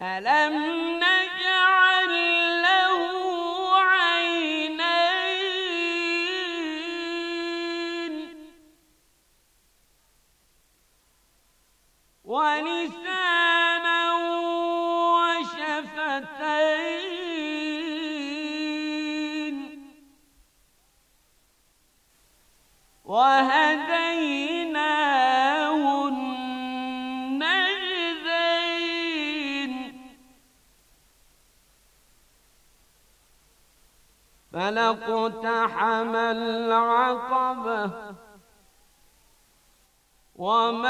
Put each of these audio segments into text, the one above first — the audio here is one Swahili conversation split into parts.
Alam na اقتحم العقبة وما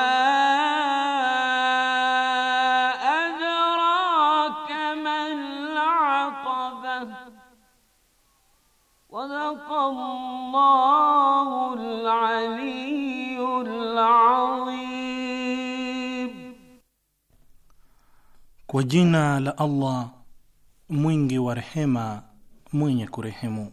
أدراك ما العقبة صدق الله العلي العظيم Kwa لله la mwingi wa rehema mwenye kurehemu.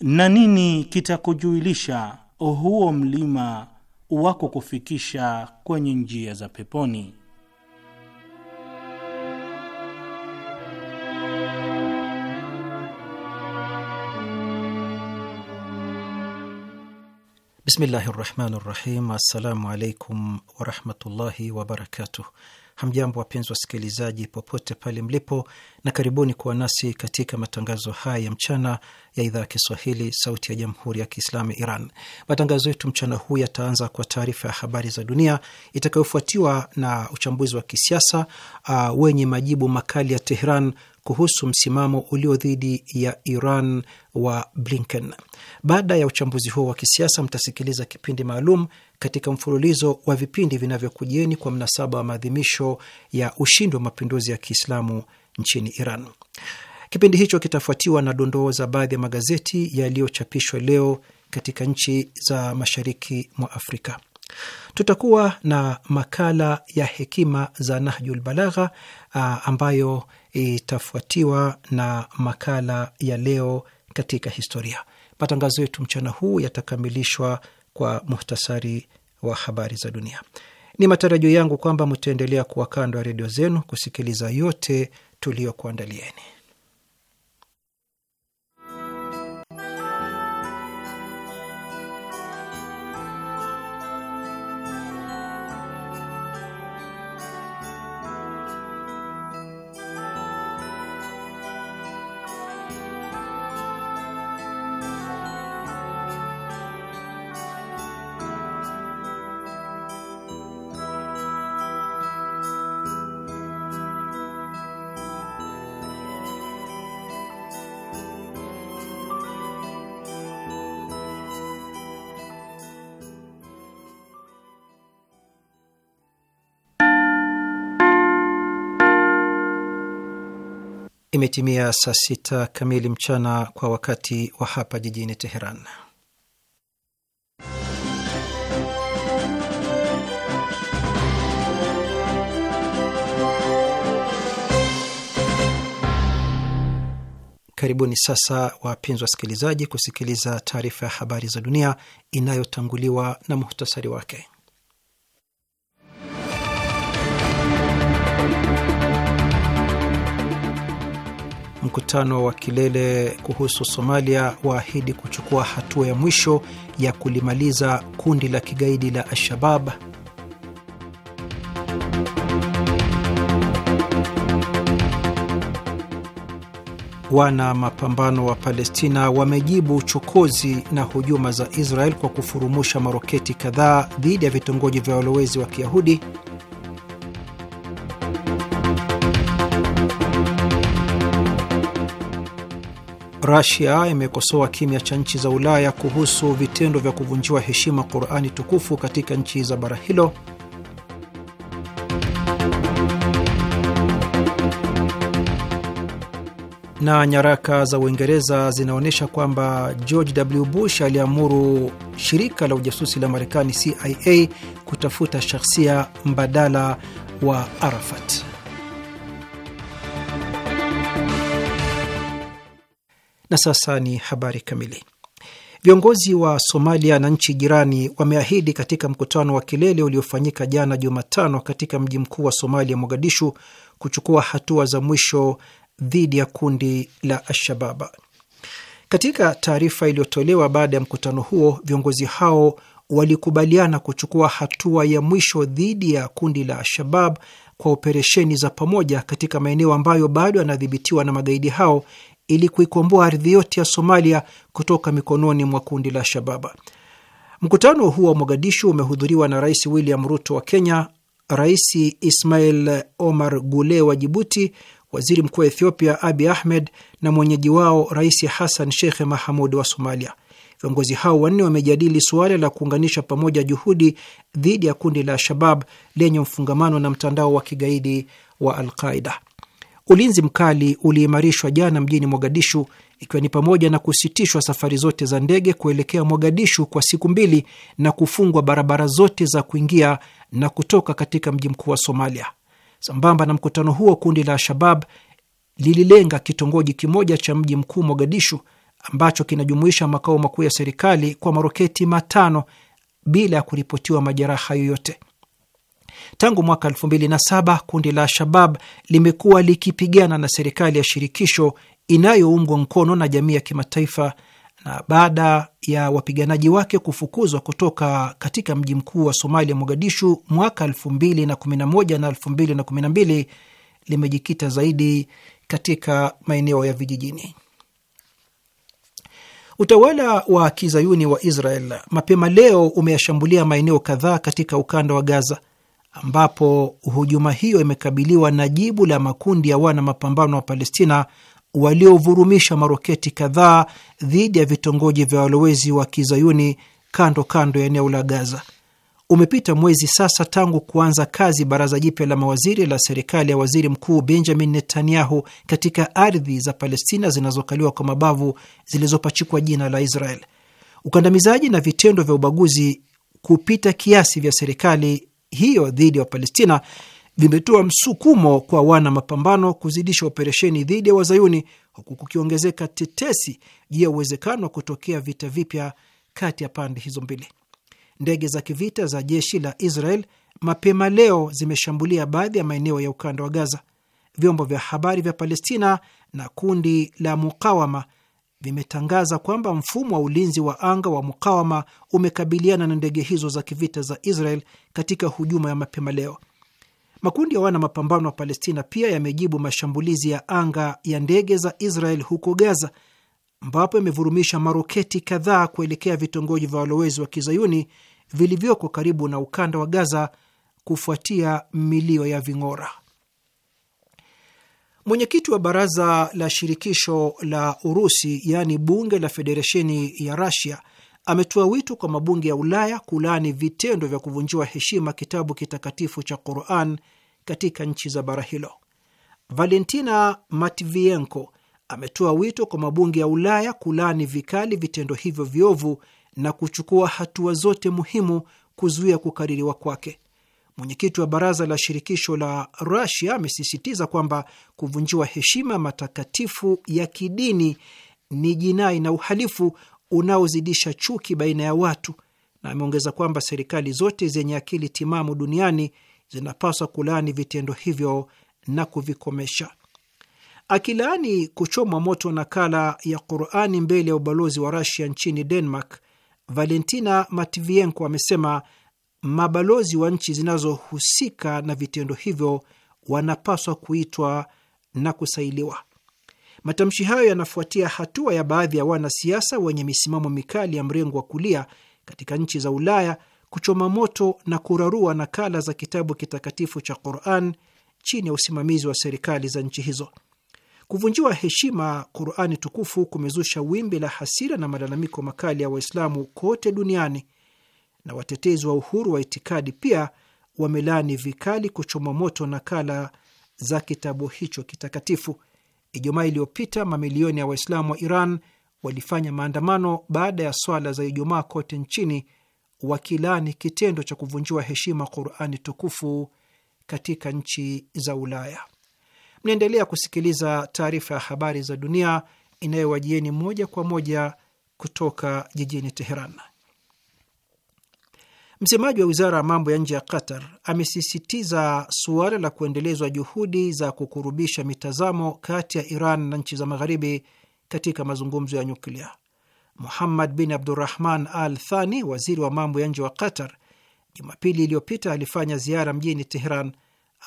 na nini kitakujuilisha huo mlima wako kufikisha kwenye njia za peponi? Bismillahi rahmani rahim. Assalamu alaikum warahmatullahi wabarakatuh. Hamjambo wapenzi wasikilizaji, popote pale mlipo, na karibuni kuwa nasi katika matangazo haya ya mchana ya idhaa ya Kiswahili, Sauti ya Jamhuri ya Kiislamu ya Iran. Matangazo yetu mchana huu yataanza kwa taarifa ya habari za dunia itakayofuatiwa na uchambuzi wa kisiasa uh, wenye majibu makali ya Tehran kuhusu msimamo ulio dhidi ya Iran wa Blinken. Baada ya uchambuzi huo wa kisiasa, mtasikiliza kipindi maalum katika mfululizo wa vipindi vinavyokujieni kwa mnasaba wa maadhimisho ya ushindi wa mapinduzi ya Kiislamu nchini Iran. Kipindi hicho kitafuatiwa na dondoo za baadhi ya magazeti yaliyochapishwa leo katika nchi za mashariki mwa Afrika. Tutakuwa na makala ya hekima za Nahjul Balagha ambayo itafuatiwa na makala ya leo katika historia. Matangazo yetu mchana huu yatakamilishwa kwa muhtasari wa habari za dunia. Ni matarajio yangu kwamba mtaendelea kuwa kando ya redio zenu kusikiliza yote tuliyokuandalieni. Imetimia saa sita kamili mchana kwa wakati wa hapa jijini Teheran. Karibuni sasa, wapenzi wasikilizaji, kusikiliza taarifa ya habari za dunia inayotanguliwa na muhtasari wake. mkutano wa kilele kuhusu Somalia waahidi kuchukua hatua ya mwisho ya kulimaliza kundi la kigaidi la Al-Shabab. Wana mapambano wa Palestina wamejibu uchokozi na hujuma za Israel kwa kufurumusha maroketi kadhaa dhidi ya vitongoji vya walowezi wa Kiyahudi. Rasia imekosoa kimya cha nchi za Ulaya kuhusu vitendo vya kuvunjiwa heshima Qurani tukufu katika nchi za bara hilo. Na nyaraka za Uingereza zinaonyesha kwamba George W. Bush aliamuru shirika la ujasusi la Marekani CIA kutafuta shahsia mbadala wa Arafat. Na sasa ni habari kamili. Viongozi wa Somalia na nchi jirani wameahidi katika mkutano wa kilele uliofanyika jana Jumatano katika mji mkuu wa Somalia, Mogadishu, kuchukua hatua za mwisho dhidi ya kundi la alshabab Katika taarifa iliyotolewa baada ya mkutano huo, viongozi hao walikubaliana kuchukua hatua ya mwisho dhidi ya kundi la Alshabab kwa operesheni za pamoja katika maeneo ambayo bado yanadhibitiwa na magaidi hao ili kuikomboa ardhi yote ya Somalia kutoka mikononi mwa kundi la Shababa. Mkutano huo wa Mogadishu umehudhuriwa na Rais William Ruto wa Kenya, Rais Ismail Omar Gule wa Jibuti, Waziri Mkuu wa Ethiopia Abi Ahmed na mwenyeji wao Rais Hassan Sheikh Mahamud wa Somalia. Viongozi hao wanne wamejadili suala la kuunganisha pamoja juhudi dhidi ya kundi la shabab lenye mfungamano na mtandao wa kigaidi wa Alqaida. Ulinzi mkali uliimarishwa jana mjini Mogadishu, ikiwa ni pamoja na kusitishwa safari zote za ndege kuelekea Mogadishu kwa siku mbili na kufungwa barabara zote za kuingia na kutoka katika mji mkuu wa Somalia. Sambamba na mkutano huo, kundi la Al-Shabab lililenga kitongoji kimoja cha mji mkuu Mogadishu ambacho kinajumuisha makao makuu ya serikali kwa maroketi matano bila ya kuripotiwa majeraha yoyote. Tangu mwaka 2007 kundi la Al-Shabab limekuwa likipigana na serikali ya shirikisho inayoungwa mkono na jamii ya kimataifa na baada ya wapiganaji wake kufukuzwa kutoka katika mji mkuu wa Somalia, Mogadishu, mwaka 2011 na 2012 limejikita zaidi katika maeneo ya vijijini. Utawala wa kizayuni wa Israel mapema leo umeyashambulia maeneo kadhaa katika ukanda wa Gaza ambapo hujuma hiyo imekabiliwa na jibu la makundi ya wana mapambano wa Palestina waliovurumisha maroketi kadhaa dhidi ya vitongoji vya walowezi wa kizayuni kando kando ya eneo la Gaza. Umepita mwezi sasa tangu kuanza kazi baraza jipya la mawaziri la serikali ya waziri mkuu Benjamin Netanyahu katika ardhi za Palestina zinazokaliwa kwa mabavu zilizopachikwa jina la Israel. Ukandamizaji na vitendo vya ubaguzi kupita kiasi vya serikali hiyo dhidi ya Wapalestina vimetoa msukumo kwa wana mapambano kuzidisha operesheni dhidi ya Wazayuni, huku kukiongezeka tetesi juu ya uwezekano wa kutokea vita vipya kati ya pande hizo mbili. Ndege za kivita za jeshi la Israel mapema leo zimeshambulia baadhi ya maeneo ya ukanda wa Gaza. Vyombo vya habari vya Palestina na kundi la mukawama vimetangaza kwamba mfumo wa ulinzi wa anga wa mukawama umekabiliana na ndege hizo za kivita za Israel katika hujuma ya mapema leo. Makundi ya wana mapambano wa Palestina pia yamejibu mashambulizi ya anga ya ndege za Israel huko Gaza, ambapo yamevurumisha maroketi kadhaa kuelekea vitongoji vya walowezi wa kizayuni vilivyoko karibu na ukanda wa Gaza kufuatia milio ya ving'ora. Mwenyekiti wa baraza la shirikisho la Urusi, yaani bunge la federesheni ya Rasia, ametoa wito kwa mabunge ya Ulaya kulaani vitendo vya kuvunjiwa heshima kitabu kitakatifu cha Quran katika nchi za bara hilo. Valentina Matvienko ametoa wito kwa mabunge ya Ulaya kulaani vikali vitendo hivyo viovu na kuchukua hatua zote muhimu kuzuia kukaririwa kwake. Mwenyekiti wa baraza la shirikisho la Rusia amesisitiza kwamba kuvunjiwa heshima matakatifu ya kidini ni jinai na uhalifu unaozidisha chuki baina ya watu, na ameongeza kwamba serikali zote zenye akili timamu duniani zinapaswa kulaani vitendo hivyo na kuvikomesha. Akilaani kuchomwa moto nakala ya Qurani mbele ya ubalozi wa Rusia nchini Denmark, Valentina Matvienko amesema mabalozi wa nchi zinazohusika na vitendo hivyo wanapaswa kuitwa na kusailiwa. Matamshi hayo yanafuatia hatua ya baadhi ya wanasiasa wenye misimamo mikali ya mrengo wa kulia katika nchi za Ulaya kuchoma moto na kurarua nakala za kitabu kitakatifu cha Quran chini ya usimamizi wa serikali za nchi hizo. Kuvunjiwa heshima Qurani tukufu kumezusha wimbi la hasira na malalamiko makali ya Waislamu kote duniani na watetezi wa uhuru wa itikadi pia wamelaani vikali kuchoma moto nakala za kitabu hicho kitakatifu. Ijumaa iliyopita mamilioni ya Waislamu wa Iran walifanya maandamano baada ya swala za Ijumaa kote nchini wakilaani kitendo cha kuvunjiwa heshima Qurani tukufu katika nchi za Ulaya. Mnaendelea kusikiliza taarifa ya habari za dunia inayowajieni moja kwa moja kutoka jijini Teheran. Msemaji wa wizara ya mambo ya nje ya Qatar amesisitiza suala la kuendelezwa juhudi za kukurubisha mitazamo kati ya Iran na nchi za Magharibi katika mazungumzo ya nyuklia. Muhammad bin Abdurahman Al Thani, waziri wa mambo ya nje wa Qatar, Jumapili iliyopita alifanya ziara mjini Teheran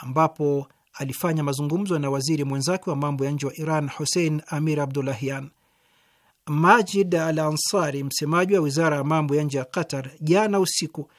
ambapo alifanya mazungumzo na waziri mwenzake wa mambo ya nje wa Iran Hussein Amir Abdulahian. Majid Al Ansari, msemaji wa wizara ya mambo ya nje ya Qatar, jana usiku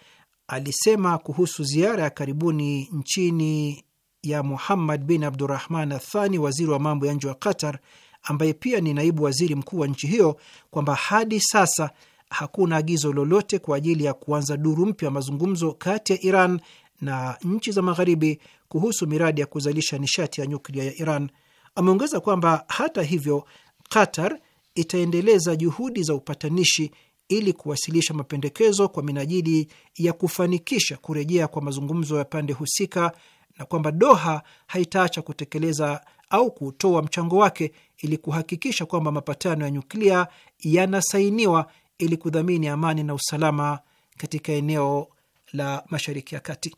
alisema kuhusu ziara ya karibuni nchini ya Muhammad bin Abdurahman Athani, waziri wa mambo ya nje wa Qatar, ambaye pia ni naibu waziri mkuu wa nchi hiyo, kwamba hadi sasa hakuna agizo lolote kwa ajili ya kuanza duru mpya ya mazungumzo kati ya Iran na nchi za Magharibi kuhusu miradi ya kuzalisha nishati ya nyuklia ya Iran. Ameongeza kwamba hata hivyo, Qatar itaendeleza juhudi za upatanishi ili kuwasilisha mapendekezo kwa minajili ya kufanikisha kurejea kwa mazungumzo ya pande husika na kwamba Doha haitaacha kutekeleza au kutoa mchango wake ili kuhakikisha kwamba mapatano ya nyuklia yanasainiwa ili kudhamini amani na usalama katika eneo la Mashariki ya Kati.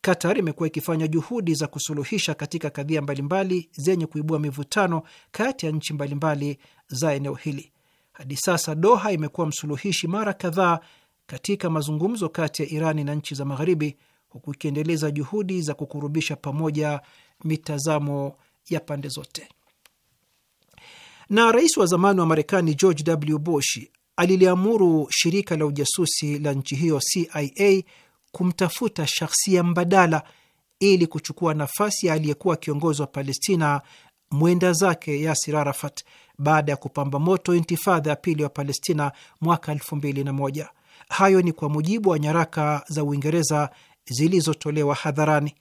Qatar imekuwa ikifanya juhudi za kusuluhisha katika kadhia mbalimbali zenye kuibua mivutano kati ya nchi mbalimbali za eneo hili. Hadi sasa Doha imekuwa msuluhishi mara kadhaa katika mazungumzo kati ya Irani na nchi za Magharibi, huku ikiendeleza juhudi za kukurubisha pamoja mitazamo ya pande zote. Na rais wa zamani wa Marekani George W. Bush aliliamuru shirika la ujasusi la nchi hiyo CIA kumtafuta shahsia mbadala ili kuchukua nafasi ya aliyekuwa kiongozi wa Palestina mwenda zake Yasir Arafat baada ya kupamba moto intifadha ya pili wa Palestina mwaka 2001. Hayo ni kwa mujibu wa nyaraka za Uingereza zilizotolewa hadharani.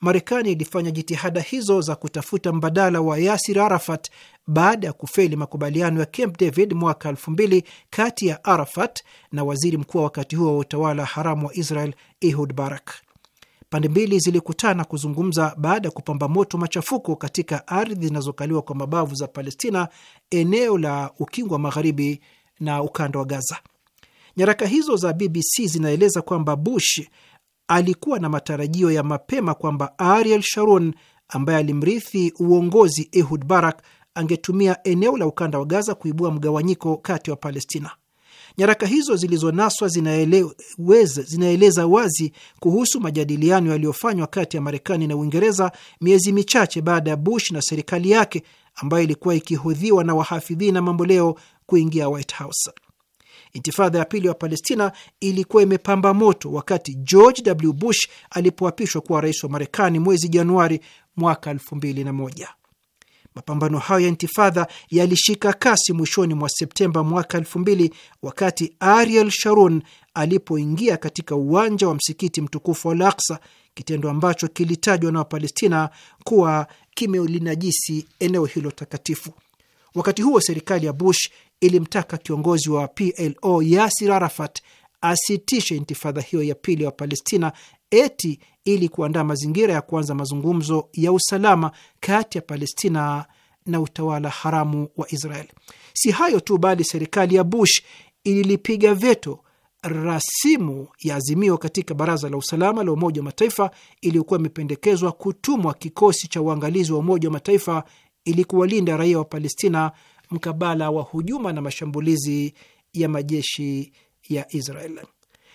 Marekani ilifanya jitihada hizo za kutafuta mbadala wa Yasir Arafat baada ya kufeli makubaliano ya Camp David mwaka 2000 kati ya Arafat na waziri mkuu wa wakati huo wa utawala haramu wa Israel Ehud Barak. Pande mbili zilikutana kuzungumza baada ya kupamba moto machafuko katika ardhi zinazokaliwa kwa mabavu za Palestina, eneo la Ukingo wa Magharibi na ukanda wa Gaza. Nyaraka hizo za BBC zinaeleza kwamba Bush alikuwa na matarajio ya mapema kwamba Ariel Sharon ambaye alimrithi uongozi Ehud Barak angetumia eneo la ukanda wa Gaza kuibua mgawanyiko kati wa Palestina. Nyaraka hizo zilizonaswa zinaeleza, zinaeleza wazi kuhusu majadiliano yaliyofanywa kati ya Marekani na Uingereza miezi michache baada ya Bush na serikali yake ambayo ilikuwa ikihudhiwa na wahafidhina mamboleo kuingia White House. Intifadha ya pili wa Palestina ilikuwa imepamba moto wakati George W. Bush alipoapishwa kuwa rais wa Marekani mwezi Januari mwaka 21 Mapambano hayo ya intifadha yalishika kasi mwishoni mwa Septemba mwaka elfu mbili wakati Ariel Sharon alipoingia katika uwanja wa msikiti mtukufu wa Al-Aqsa, kitendo ambacho kilitajwa na Wapalestina kuwa kimelinajisi eneo hilo takatifu. Wakati huo serikali ya Bush ilimtaka kiongozi wa PLO Yasir Arafat asitishe intifadha hiyo ya pili ya Wapalestina eti ili kuandaa mazingira ya kuanza mazungumzo ya usalama kati ya Palestina na utawala haramu wa Israel. Si hayo tu, bali serikali ya Bush ililipiga veto rasimu ya azimio katika Baraza la Usalama la Umoja wa Mataifa iliyokuwa imependekezwa kutumwa kikosi cha uangalizi wa Umoja wa Mataifa ili kuwalinda raia wa Palestina mkabala wa hujuma na mashambulizi ya majeshi ya Israel.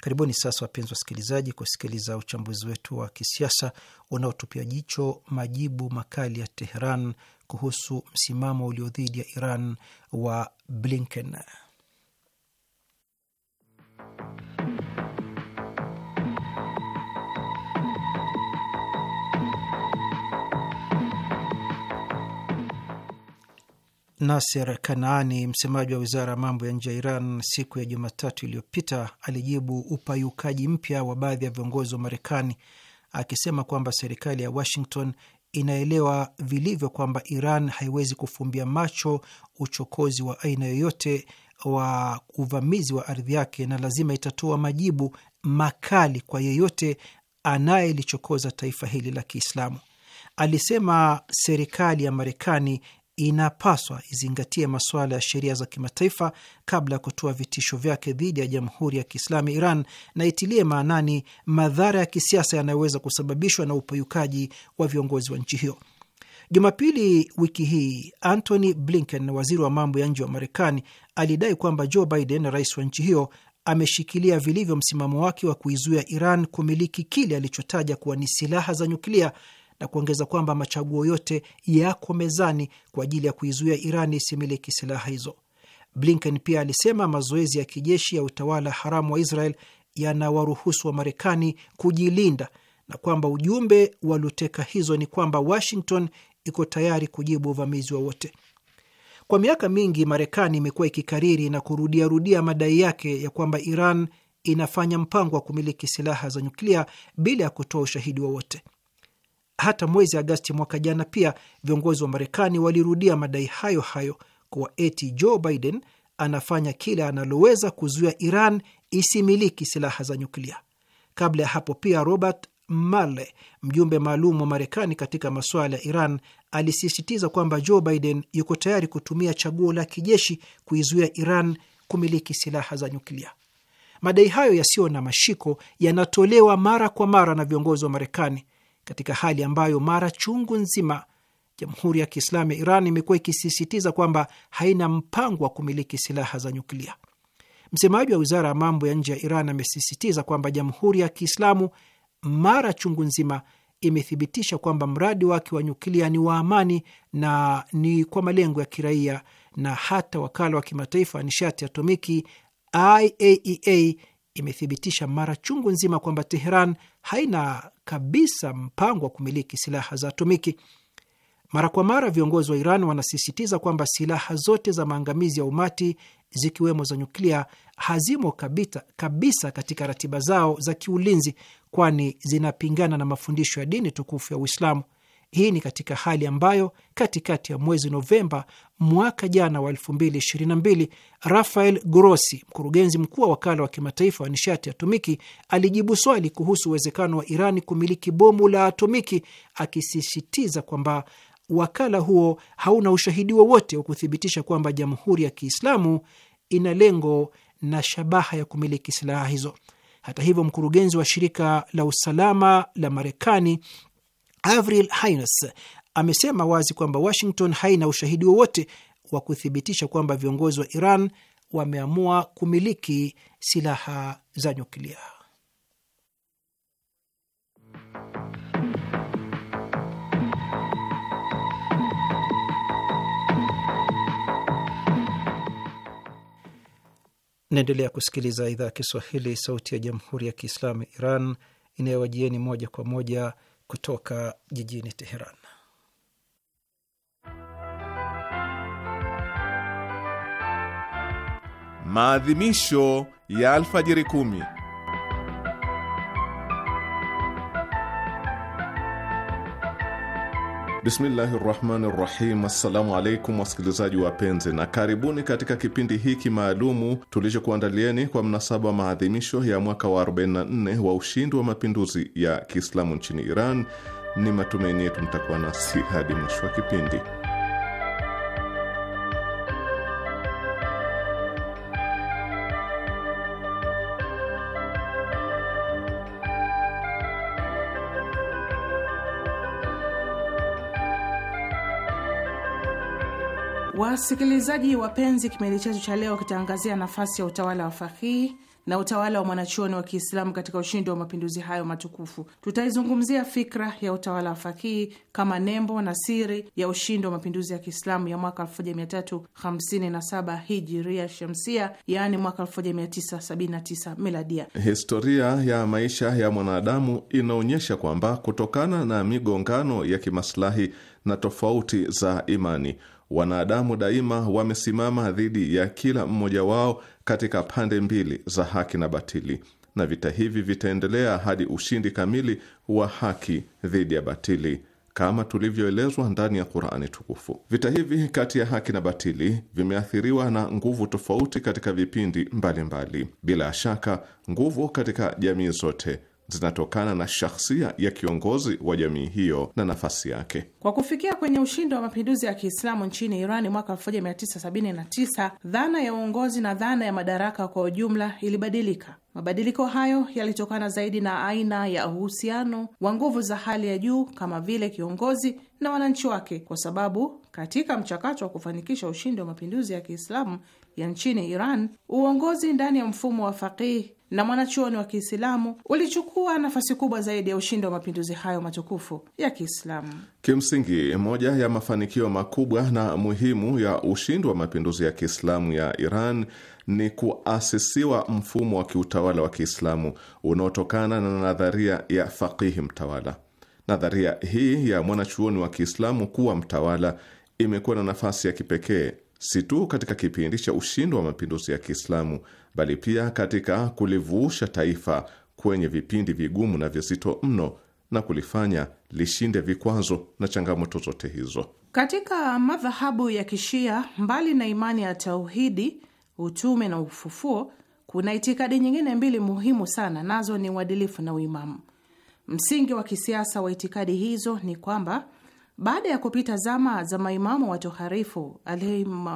Karibuni sasa, wapenzi wasikilizaji, kusikiliza uchambuzi wetu wa kisiasa unaotupia jicho majibu makali ya Teheran kuhusu msimamo ulio dhidi ya Iran wa Blinken. Nasser Kanaani, msemaji wa wizara ya mambo ya nje ya Iran, siku ya Jumatatu iliyopita alijibu upayukaji mpya wa baadhi ya viongozi wa Marekani akisema kwamba serikali ya Washington inaelewa vilivyo kwamba Iran haiwezi kufumbia macho uchokozi wa aina yoyote wa uvamizi wa ardhi yake na lazima itatoa majibu makali kwa yeyote anayelichokoza taifa hili la Kiislamu. Alisema serikali ya Marekani inapaswa izingatie masuala ya sheria za kimataifa kabla ya kutoa vitisho vyake dhidi ya Jamhuri ya Kiislamu Iran na itilie maanani madhara ya kisiasa yanayoweza kusababishwa na upayukaji wa viongozi wa nchi hiyo. Jumapili wiki hii Antony Blinken, waziri wa mambo ya nje wa Marekani, alidai kwamba Joe Biden, rais wa nchi hiyo, ameshikilia vilivyo msimamo wake wa kuizuia Iran kumiliki kile alichotaja kuwa ni silaha za nyuklia na kuongeza kwamba machaguo yote yako mezani kwa ajili ya kuizuia Iran isimiliki silaha hizo. Blinken pia alisema mazoezi ya kijeshi ya utawala haramu wa Israel yanawaruhusu wa Marekani kujilinda na kwamba ujumbe wa luteka hizo ni kwamba Washington iko tayari kujibu uvamizi wowote. Kwa miaka mingi, Marekani imekuwa ikikariri na kurudiarudia madai yake ya kwamba Iran inafanya mpango wa kumiliki silaha za nyuklia bila ya kutoa ushahidi wowote. Hata mwezi Agasti mwaka jana pia viongozi wa Marekani walirudia madai hayo hayo kuwa eti Joe Biden anafanya kile analoweza kuzuia Iran isimiliki silaha za nyuklia. Kabla ya hapo pia Robert Male, mjumbe maalum wa Marekani katika masuala ya Iran, alisisitiza kwamba Joe Biden yuko tayari kutumia chaguo la kijeshi kuizuia Iran kumiliki silaha za nyuklia. Madai hayo yasiyo na mashiko yanatolewa mara kwa mara na viongozi wa Marekani katika hali ambayo mara chungu nzima Jamhuri ya Kiislamu ya Iran imekuwa ikisisitiza kwamba haina mpango wa kumiliki silaha za nyuklia. Msemaji wa wizara ya mambo ya nje ya Iran amesisitiza kwamba Jamhuri ya Kiislamu mara chungu nzima imethibitisha kwamba mradi wake wa nyuklia ni wa amani na ni kwa malengo ya kiraia, na hata wakala wa kimataifa wa nishati atomiki IAEA e imethibitisha mara chungu nzima kwamba Teheran haina kabisa mpango wa kumiliki silaha za atomiki. Mara kwa mara viongozi wa Iran wanasisitiza kwamba silaha zote za maangamizi ya umati zikiwemo za nyuklia hazimo kabita, kabisa katika ratiba zao za kiulinzi, kwani zinapingana na mafundisho ya dini tukufu ya Uislamu. Hii ni katika hali ambayo katikati ya mwezi Novemba mwaka jana wa 2022 Rafael Grossi, mkurugenzi mkuu wa wakala wa kimataifa wa nishati ya atomiki, alijibu swali kuhusu uwezekano wa Irani kumiliki bomu la atomiki, akisisitiza kwamba wakala huo hauna ushahidi wowote wa kuthibitisha kwamba Jamhuri ya Kiislamu ina lengo na shabaha ya kumiliki silaha hizo. Hata hivyo, mkurugenzi wa shirika la usalama la Marekani Avril Haines amesema wazi kwamba Washington haina ushahidi wowote wa kuthibitisha kwamba viongozi wa Iran wameamua kumiliki silaha za nyuklia. Naendelea kusikiliza idhaa ya Kiswahili, sauti ya jamhuri ya kiislamu ya Iran inayowajieni moja kwa moja kutoka jijini Teheran. Maadhimisho ya alfajiri kumi. Bismillahi rahmani rahim. Assalamu alaikum wasikilizaji wapenzi, na karibuni katika kipindi hiki maalumu tulichokuandalieni kwa mnasaba wa maadhimisho ya mwaka wa 44 wa ushindi wa mapinduzi ya Kiislamu nchini Iran. Ni matumaini yetu mtakuwa nasi hadi mwisho wa kipindi. Wasikilizaji wapenzi, kipindi chetu cha leo kitaangazia nafasi ya utawala wa fakihi na utawala wa mwanachuoni wa Kiislamu katika ushindi wa mapinduzi hayo matukufu. Tutaizungumzia fikra ya utawala wa fakihi kama nembo na siri ya ushindi wa mapinduzi ya Kiislamu ya mwaka 1357 hijiria shamsia, yaani mwaka 1979 miladia. Historia ya maisha ya mwanadamu inaonyesha kwamba kutokana na migongano ya kimaslahi na tofauti za imani wanadamu daima wamesimama dhidi ya kila mmoja wao katika pande mbili za haki na batili, na vita hivi vitaendelea hadi ushindi kamili wa haki dhidi ya batili kama tulivyoelezwa ndani ya Qur'ani tukufu. Vita hivi kati ya haki na batili vimeathiriwa na nguvu tofauti katika vipindi mbalimbali mbali. Bila shaka nguvu katika jamii zote zinatokana na shahsia ya kiongozi wa jamii hiyo na nafasi yake. Kwa kufikia kwenye ushindi wa mapinduzi ya Kiislamu nchini Irani mwaka 1979, dhana ya uongozi na dhana ya madaraka kwa ujumla ilibadilika. Mabadiliko hayo yalitokana zaidi na aina ya uhusiano wa nguvu za hali ya juu kama vile kiongozi na wananchi wake, kwa sababu katika mchakato wa kufanikisha ushindi wa mapinduzi ya Kiislamu ya nchini Iran, uongozi ndani ya mfumo wa faqihi na mwanachuoni wa Kiislamu ulichukua nafasi kubwa zaidi ya ushindi wa mapinduzi hayo matukufu ya Kiislamu. Kimsingi, moja ya mafanikio makubwa na muhimu ya ushindi wa mapinduzi ya Kiislamu ya Iran ni kuasisiwa mfumo wa kiutawala wa Kiislamu unaotokana na nadharia ya faqihi mtawala. Nadharia hii ya mwanachuoni wa Kiislamu kuwa mtawala imekuwa na nafasi ya kipekee si tu katika kipindi cha ushindi wa mapinduzi ya Kiislamu bali pia katika kulivuusha taifa kwenye vipindi vigumu na vizito mno na kulifanya lishinde vikwazo na changamoto zote hizo. Katika madhahabu ya Kishia, mbali na imani ya tauhidi, utume na ufufuo, kuna itikadi nyingine mbili muhimu sana, nazo ni uadilifu na uimamu. Msingi wa kisiasa wa itikadi hizo ni kwamba baada ya kupita zama za maimamu watoharifu alaihim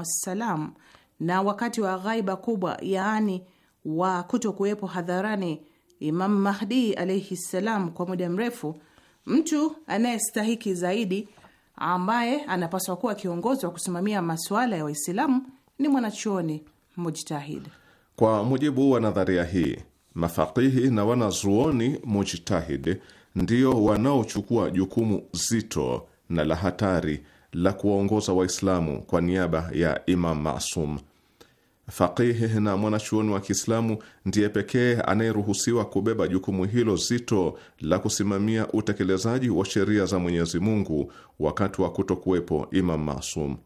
na wakati wa ghaiba kubwa, yaani wa kuto kuwepo hadharani Imam Mahdi alaihi ssalam kwa muda mrefu, mtu anayestahiki zaidi ambaye anapaswa kuwa kiongozi wa kusimamia masuala ya Waislamu ni mwanachuoni mujtahid. Kwa mujibu wa nadharia hii, mafakihi na wanazuoni mujtahid ndio wanaochukua jukumu zito na la hatari la kuwaongoza Waislamu kwa niaba ya Imam Masum. faqihi na mwanachuoni wa Kiislamu ndiye pekee anayeruhusiwa kubeba jukumu hilo zito la kusimamia utekelezaji wa sheria za Mwenyezi Mungu wakati wa kutokuwepo Imam Masum.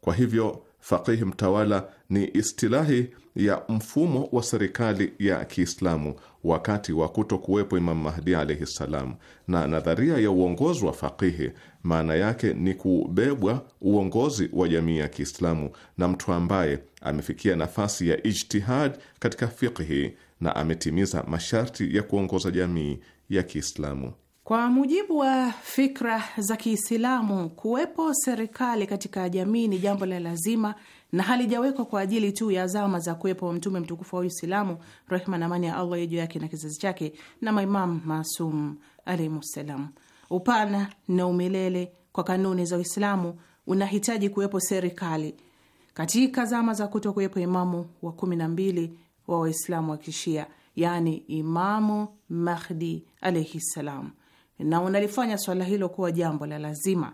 Kwa hivyo, faqih mtawala ni istilahi ya mfumo wa serikali ya Kiislamu wakati wa kuto kuwepo Imam Mahdi alaihi ssalam, na nadharia ya uongozi wa faqihi maana yake ni kubebwa uongozi wa jamii ya Kiislamu na mtu ambaye amefikia nafasi ya ijtihad katika fiqhi na ametimiza masharti ya kuongoza jamii ya Kiislamu. Kwa mujibu wa fikra za Kiislamu, kuwepo serikali katika jamii ni jambo la lazima na halijawekwa kwa ajili tu ya zama za kuwepo mtume mtukufu wa Uislamu, rehma na amani ya Allah iwe juu yake na kizazi chake, na maimam masum alaihimussalam. Upana na umilele kwa kanuni za Uislamu unahitaji kuwepo serikali katika zama za kuto kuwepo imamu wa kumi na mbili wa Waislamu wa Kishia, yaani Imamu Mahdi alaihissalam, na unalifanya swala hilo kuwa jambo la lazima.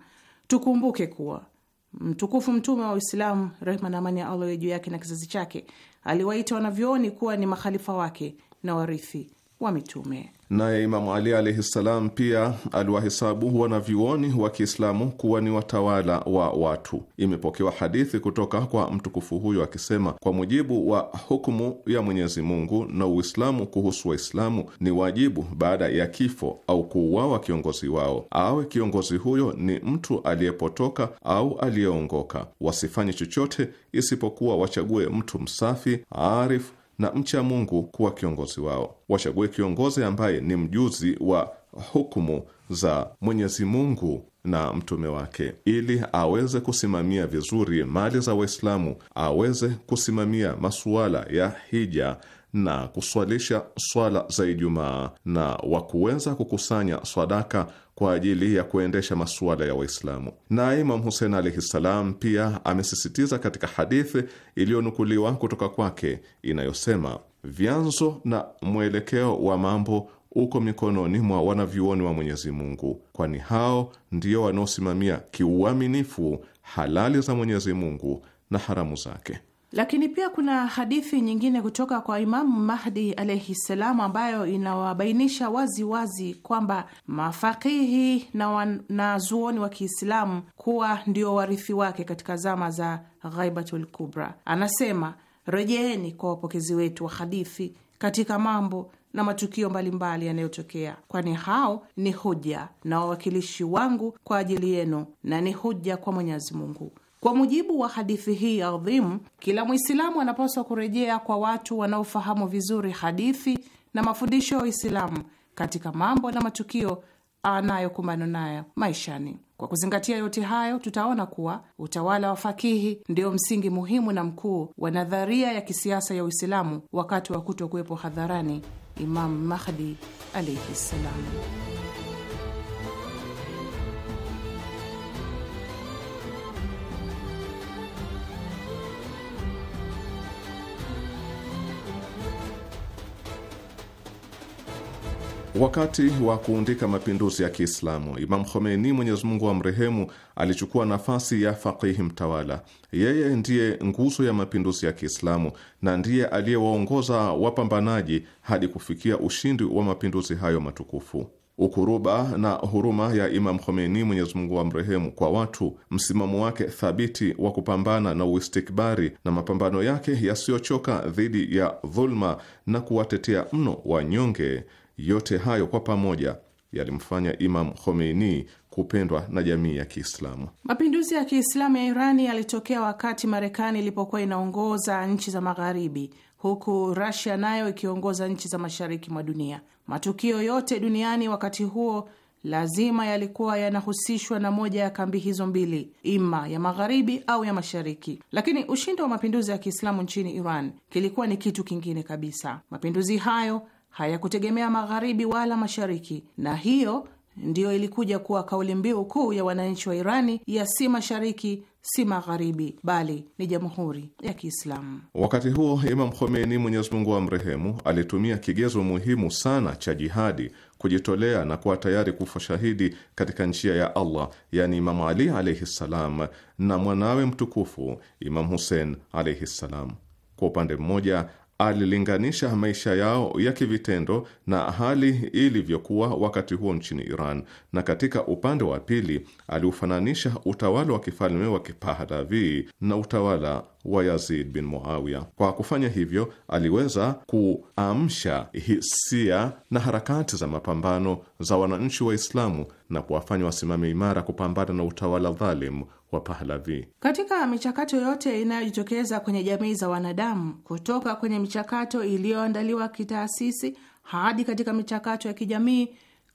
Tukumbuke kuwa Mtukufu mtume wa Uislamu, rehma na amani ya Allah juu yake na kizazi chake, aliwaita wanavyooni kuwa ni makhalifa wake na warithi wa mitume. Naye Imamu Ali alaihi ssalam pia aliwahesabu wanavyuoni wa Kiislamu kuwa ni watawala wa watu. Imepokewa hadithi kutoka kwa mtukufu huyo akisema, kwa mujibu wa hukumu ya Mwenyezi Mungu na Uislamu kuhusu Waislamu, ni wajibu baada ya kifo au kuuawa kiongozi wao, awe kiongozi huyo ni mtu aliyepotoka au aliyeongoka, wasifanye chochote isipokuwa wachague mtu msafi, arifu na mcha Mungu kuwa kiongozi wao. Wachague kiongozi ambaye ni mjuzi wa hukumu za Mwenyezi Mungu na mtume wake, ili aweze kusimamia vizuri mali za Waislamu, aweze kusimamia masuala ya hija na kuswalisha swala za Ijumaa, na wa kuweza kukusanya swadaka kwa ajili ya kuendesha masuala ya Waislamu. Na Imam Husein alaihi ssalam pia amesisitiza katika hadithi iliyonukuliwa kutoka kwake inayosema, vyanzo na mwelekeo wa mambo uko mikononi mwa wanavyuoni wa Mwenyezi Mungu, kwani hao ndio wanaosimamia kiuaminifu halali za Mwenyezi Mungu na haramu zake. Lakini pia kuna hadithi nyingine kutoka kwa Imamu Mahdi alaihi ssalam, ambayo inawabainisha wazi wazi kwamba mafakihi na wanazuoni wa Kiislamu kuwa ndio warithi wake katika zama za Ghaibatul Kubra. Anasema, rejeeni kwa wapokezi wetu wa hadithi katika mambo na matukio mbalimbali yanayotokea, kwani hao ni huja na wawakilishi wangu kwa ajili yenu na ni huja kwa Mwenyezi Mungu. Kwa mujibu wa hadithi hii adhimu, kila Mwislamu anapaswa kurejea kwa watu wanaofahamu vizuri hadithi na mafundisho ya Uislamu katika mambo na matukio anayokumbana nayo maishani. Kwa kuzingatia yote hayo, tutaona kuwa utawala wa fakihi ndio msingi muhimu na mkuu wa nadharia ya kisiasa ya Uislamu wakati wa kuto kuwepo hadharani Imam Mahdi alaihi ssalam. Wakati wa kuundika mapinduzi ya Kiislamu, Imam Khomeini, Mwenyezi Mungu wa mrehemu, alichukua nafasi ya faqihi mtawala. Yeye ndiye nguzo ya mapinduzi ya Kiislamu na ndiye aliyewaongoza wapambanaji hadi kufikia ushindi wa mapinduzi hayo matukufu. Ukuruba na huruma ya Imam Khomeini, Mwenyezi Mungu wa mrehemu, kwa watu, msimamo wake thabiti wa kupambana na uistikbari na mapambano yake yasiyochoka dhidi ya dhulma na kuwatetea mno wanyonge yote hayo kwa pamoja yalimfanya Imam Khomeini kupendwa na jamii ya Kiislamu. Mapinduzi ya Kiislamu ya Irani yalitokea wakati Marekani ilipokuwa inaongoza nchi za magharibi huku Rasia nayo ikiongoza nchi za mashariki mwa dunia. Matukio yote duniani wakati huo lazima yalikuwa yanahusishwa na moja ya kambi hizo mbili, ima ya magharibi au ya mashariki. Lakini ushindi wa mapinduzi ya Kiislamu nchini Iran kilikuwa ni kitu kingine kabisa. Mapinduzi hayo hayakutegemea magharibi wala mashariki, na hiyo ndiyo ilikuja kuwa kauli mbiu kuu ya wananchi wa Irani ya si mashariki si magharibi bali ni jamhuri ya Kiislamu. Wakati huo Imam Khomeini, Mwenyezi Mungu mrehemu alitumia kigezo muhimu sana cha jihadi, kujitolea na kuwa tayari kufa shahidi katika njia ya Allah, yani Imamu Ali alaihi ssalam na mwanawe mtukufu Imam Husein alaihi ssalam. Kwa upande mmoja alilinganisha maisha yao ya kivitendo na hali ilivyokuwa wakati huo nchini Iran, na katika upande wa pili aliufananisha utawala wa kifalme wa Kipahlavi na utawala wa Yazid bin Muawiya. Kwa kufanya hivyo, aliweza kuamsha hisia na harakati za mapambano za wananchi Waislamu na kuwafanya wasimame imara kupambana na utawala dhalimu wa Pahlavi. Katika michakato yote inayojitokeza kwenye jamii za wanadamu, kutoka kwenye michakato iliyoandaliwa kitaasisi hadi katika michakato ya kijamii,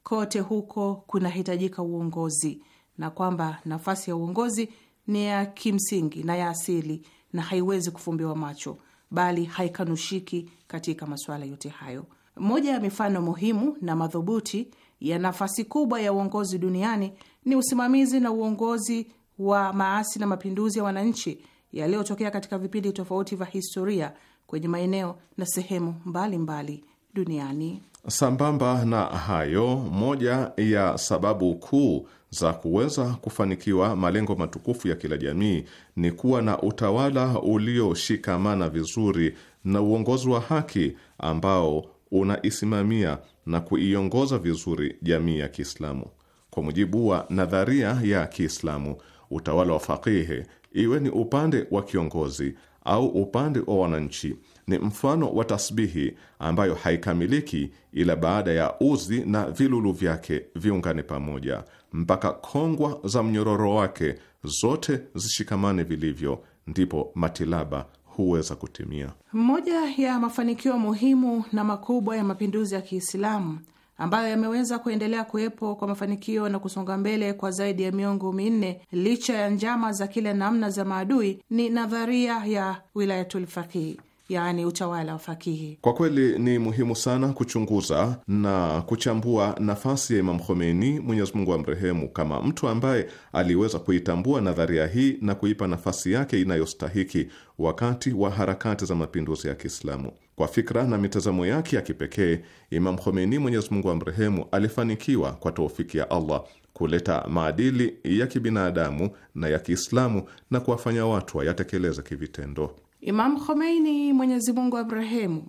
kote huko kunahitajika uongozi, na kwamba nafasi ya uongozi ni ya kimsingi na ya asili na haiwezi kufumbiwa macho, bali haikanushiki katika masuala yote hayo. Moja ya mifano muhimu na madhubuti ya nafasi kubwa ya uongozi duniani ni usimamizi na uongozi wa maasi na mapinduzi ya wananchi yaliyotokea katika vipindi tofauti vya historia kwenye maeneo na sehemu mbalimbali mbali duniani. Sambamba na hayo, moja ya sababu kuu za kuweza kufanikiwa malengo matukufu ya kila jamii ni kuwa na utawala ulioshikamana vizuri na uongozi wa haki ambao unaisimamia na kuiongoza vizuri jamii ya Kiislamu. Kwa mujibu wa nadharia ya Kiislamu, utawala wa fakihi, iwe ni upande wa kiongozi au upande wa wananchi, ni mfano wa tasbihi ambayo haikamiliki ila baada ya uzi na vilulu vyake viungane pamoja, mpaka kongwa za mnyororo wake zote zishikamane vilivyo, ndipo matilaba huweza kutimia. mmoja ya mafanikio muhimu na makubwa ya mapinduzi ya Kiislamu ambayo yameweza kuendelea kuwepo kwa mafanikio na kusonga mbele kwa zaidi ya miongo minne licha ya njama za kila namna za maadui ni nadharia ya wilayatul fakihi. Yani, utawala wa fakihi. Kwa kweli ni muhimu sana kuchunguza na kuchambua nafasi ya Imam Khomeini, Mwenyezi Mungu amrehemu, kama mtu ambaye aliweza kuitambua nadharia hii na kuipa nafasi yake inayostahiki wakati wa harakati za mapinduzi ya Kiislamu. Kwa fikra na mitazamo yake ya kipekee, Imam Khomeini, Mwenyezi Mungu amrehemu, alifanikiwa kwa taufiki ya Allah kuleta maadili ya kibinadamu na ya Kiislamu na kuwafanya watu wayatekeleze kivitendo. Imam Khomeini, Mwenyezi Mungu amrehemu,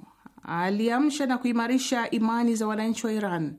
aliamsha na kuimarisha imani za wananchi wa Iran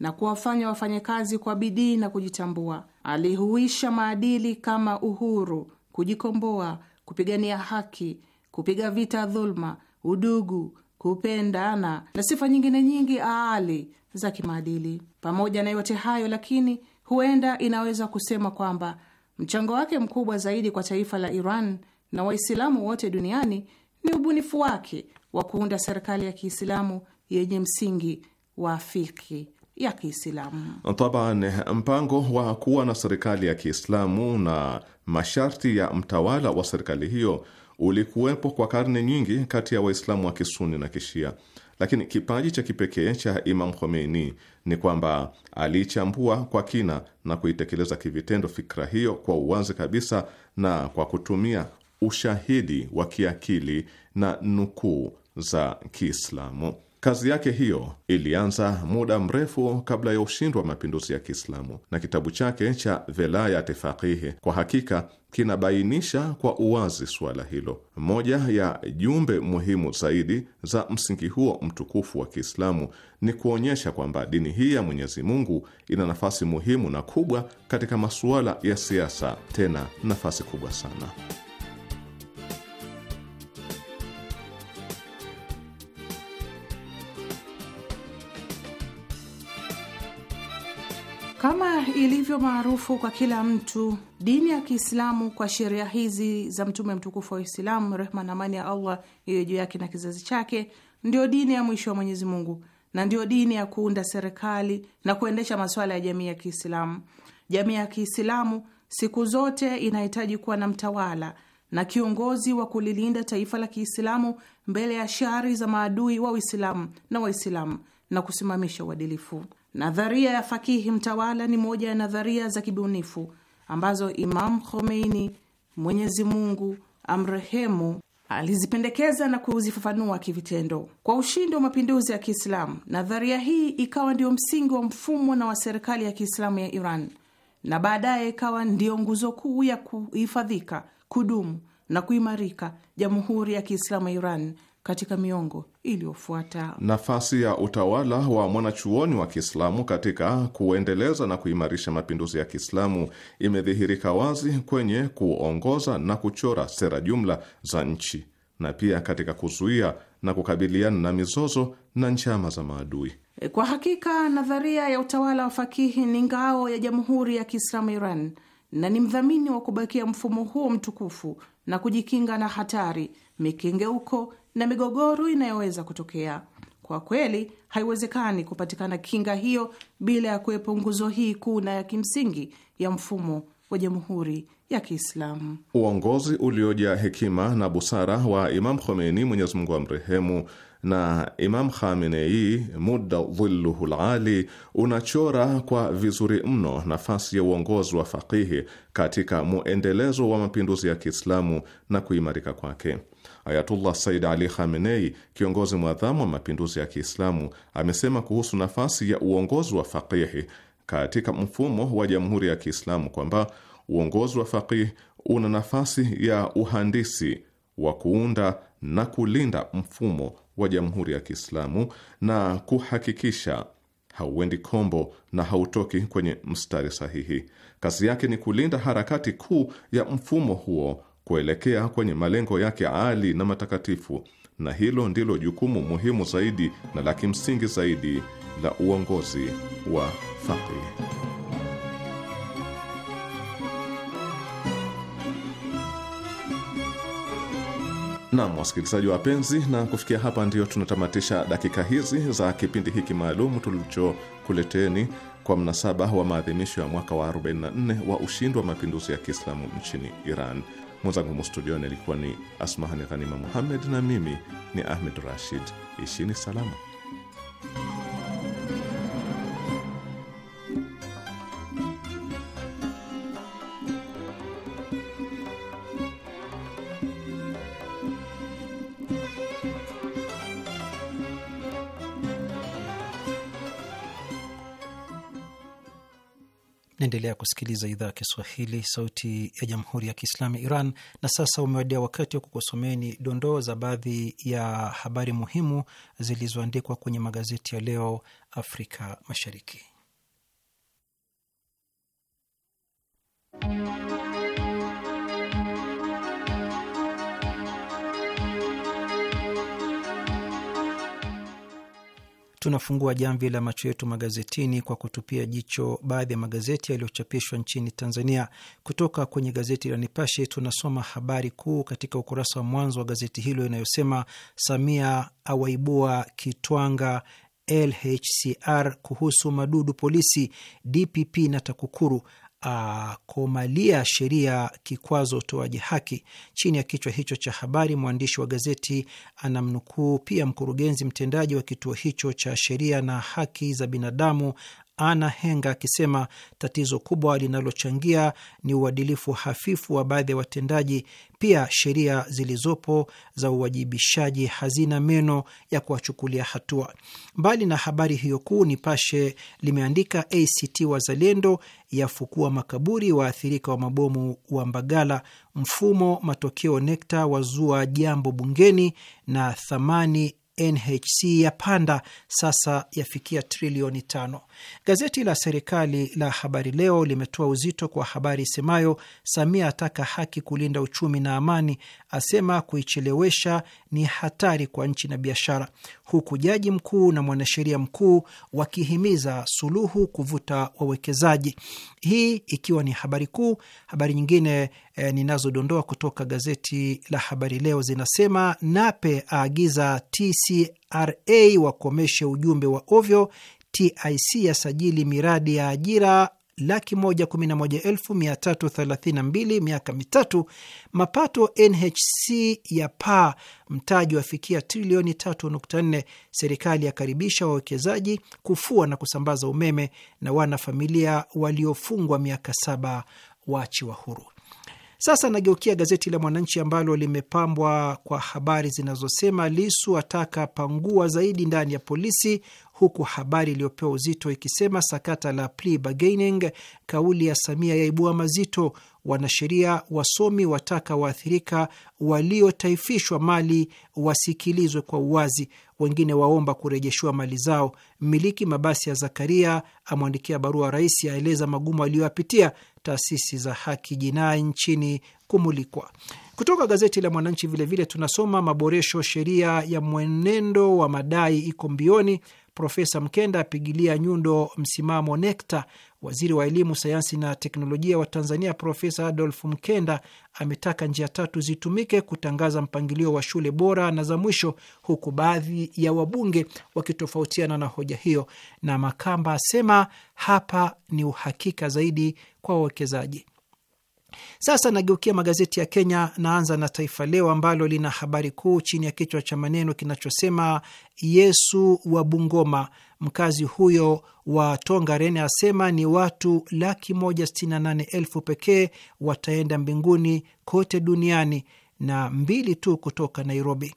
na kuwafanya wafanye kazi kwa bidii na kujitambua. Alihuisha maadili kama uhuru, kujikomboa, kupigania haki, kupiga vita dhuluma udugu, kupendana na sifa nyingine nyingi aali za kimaadili. Pamoja na yote hayo lakini, huenda inaweza kusema kwamba mchango wake mkubwa zaidi kwa taifa la Iran na Waislamu wote duniani ni ubunifu wake wa kuunda serikali ya Kiislamu yenye msingi wa fiki ya Kiislamu. Taban, mpango wa kuwa na serikali ya Kiislamu na masharti ya mtawala wa serikali hiyo ulikuwepo kwa karne nyingi kati ya Waislamu wa Kisuni na Kishia, lakini kipaji cha kipekee cha Imam Khomeini ni kwamba aliichambua kwa kina na kuitekeleza kivitendo fikra hiyo kwa uwazi kabisa na kwa kutumia ushahidi wa kiakili na nukuu za Kiislamu. Kazi yake hiyo ilianza muda mrefu kabla ya ushindi wa mapinduzi ya Kiislamu, na kitabu chake cha Velayat Faqihi kwa hakika kinabainisha kwa uwazi suala hilo. Moja ya jumbe muhimu zaidi za msingi huo mtukufu wa Kiislamu ni kuonyesha kwamba dini hii ya Mwenyezi Mungu ina nafasi muhimu na kubwa katika masuala ya siasa, tena nafasi kubwa sana. Kama ilivyo maarufu kwa kila mtu, dini ya Kiislamu kwa sheria hizi za Mtume mtukufu wa Uislamu, rehma na amani ya Allah iwe juu yake na kizazi chake, ndiyo dini ya mwisho wa Mwenyezi Mungu na ndiyo dini ya kuunda serikali na kuendesha masuala ya jamii ya Kiislamu. Jamii ya Kiislamu siku zote inahitaji kuwa na mtawala na kiongozi wa kulilinda taifa la Kiislamu mbele ya shari za maadui wa Uislamu na Waislamu na kusimamisha uadilifu. Nadharia ya fakihi mtawala ni moja ya nadharia za kibunifu ambazo Imam Khomeini, Mwenyezi Mungu amrehemu, alizipendekeza na kuzifafanua kivitendo kwa ushindi wa mapinduzi ya Kiislamu. Nadharia hii ikawa ndio msingi wa mfumo na wa serikali ya Kiislamu ya Iran na baadaye ikawa ndiyo nguzo kuu ya kuhifadhika, kudumu na kuimarika jamhuri ya Kiislamu ya Iran katika miongo iliyofuata. Nafasi ya utawala wa mwanachuoni wa Kiislamu katika kuendeleza na kuimarisha mapinduzi ya Kiislamu imedhihirika wazi kwenye kuongoza na kuchora sera jumla za nchi na pia katika kuzuia na kukabiliana na mizozo na njama za maadui. Kwa hakika nadharia ya utawala wa fakihi ni ngao ya Jamhuri ya Kiislamu Iran na ni mdhamini wa kubakia mfumo huo mtukufu na kujikinga na hatari mikengeuko na migogoro inayoweza kutokea. Kwa kweli, haiwezekani kupatikana kinga hiyo bila ya kuwepo nguzo hii kuu na ya kimsingi ya mfumo wa jamhuri ya Kiislamu. Uongozi uliojaa hekima na busara wa Imam Khomeini, Mwenyezi Mungu amrehemu, na Imam Khamenei muda dhilluhul lali, unachora kwa vizuri mno nafasi ya uongozi wa faqihi katika muendelezo wa mapinduzi ya Kiislamu na kuimarika kwake. Ayatullah Said Ali Khamenei, kiongozi mwadhamu wa mapinduzi ya Kiislamu, amesema kuhusu nafasi ya uongozi wa faqihi katika mfumo wa jamhuri ya Kiislamu kwamba uongozi wa faqihi una nafasi ya uhandisi wa kuunda na kulinda mfumo wa jamhuri ya Kiislamu na kuhakikisha hauendi kombo na hautoki kwenye mstari sahihi. Kazi yake ni kulinda harakati kuu ya mfumo huo kuelekea kwenye malengo yake ali na matakatifu, na hilo ndilo jukumu muhimu zaidi na la kimsingi zaidi la uongozi wa faqih. Nam, wasikilizaji wapenzi, na kufikia hapa ndiyo tunatamatisha dakika hizi za kipindi hiki maalum tulichokuleteni kwa mnasaba wa maadhimisho ya mwaka wa 44 wa ushindi wa mapinduzi ya Kiislamu nchini Iran. Mwenzangu mustudioni alikuwa ni Asmahani Ghanima Muhammed na mimi ni Ahmed Rashid. Ishini salama. Unaendelea kusikiliza idhaa ya Kiswahili, sauti ya jamhuri ya kiislamu ya Iran. Na sasa umewadia wakati wa kukusomeni dondoo za baadhi ya habari muhimu zilizoandikwa kwenye magazeti ya leo Afrika Mashariki. Tunafungua jamvi la macho yetu magazetini kwa kutupia jicho baadhi ya magazeti yaliyochapishwa nchini Tanzania. Kutoka kwenye gazeti la Nipashe tunasoma habari kuu katika ukurasa wa mwanzo wa gazeti hilo inayosema Samia awaibua Kitwanga LHCR kuhusu madudu polisi, DPP na TAKUKURU uh, komalia sheria kikwazo utoaji haki. Chini ya kichwa hicho cha habari, mwandishi wa gazeti anamnukuu pia mkurugenzi mtendaji wa kituo hicho cha sheria na haki za binadamu ana Henga akisema tatizo kubwa linalochangia ni uadilifu hafifu wa baadhi ya watendaji. Pia sheria zilizopo za uwajibishaji hazina meno ya kuwachukulia hatua. Mbali na habari hiyo kuu, Nipashe limeandika ACT Wazalendo yafukua makaburi waathirika wa mabomu wa Mbagala, mfumo matokeo nekta wazua jambo bungeni, na thamani NHC ya panda sasa yafikia trilioni tano. Gazeti la serikali la Habari Leo limetoa uzito kwa habari isemayo Samia ataka haki kulinda uchumi na amani, asema kuichelewesha ni hatari kwa nchi na biashara, huku jaji mkuu na mwanasheria mkuu wakihimiza suluhu kuvuta wawekezaji. Hii ikiwa ni habari kuu. Habari nyingine e, ninazodondoa kutoka gazeti la Habari Leo zinasema Nape aagiza TCRA wakomeshe ujumbe wa ovyo, TIC yasajili miradi ya ajira laki 111,332 miaka mitatu, mapato NHC ya paa mtaji wafikia trilioni 3.4. Serikali yakaribisha wawekezaji kufua na kusambaza umeme, na wanafamilia waliofungwa miaka saba waachiwa huru. Sasa nageukia gazeti la Mwananchi ambalo limepambwa kwa habari zinazosema Lisu ataka pangua zaidi ndani ya polisi, huku habari iliyopewa uzito ikisema sakata la plea bargaining, kauli ya Samia yaibua mazito, wanasheria wasomi wataka waathirika waliotaifishwa mali wasikilizwe kwa uwazi, wengine waomba kurejeshiwa mali zao. Mmiliki mabasi ya Zakaria amwandikia barua rais, aeleza magumu aliyoyapitia, taasisi za haki jinai nchini kumulikwa. Kutoka gazeti la Mwananchi vilevile tunasoma maboresho sheria ya mwenendo wa madai iko mbioni, Profesa Mkenda apigilia nyundo msimamo NECTA. Waziri wa elimu, sayansi na teknolojia wa Tanzania Profesa Adolf Mkenda ametaka njia tatu zitumike kutangaza mpangilio wa shule bora na za mwisho, huku baadhi ya wabunge wakitofautiana na hoja hiyo, na Makamba asema hapa ni uhakika zaidi kwa wawekezaji. Sasa nageukia magazeti ya Kenya. Naanza na Taifa Leo ambalo lina habari kuu chini ya kichwa cha maneno kinachosema Yesu wa Bungoma. Mkazi huyo wa Tongaren asema ni watu laki moja sitini na nane elfu pekee wataenda mbinguni kote duniani na mbili tu kutoka Nairobi.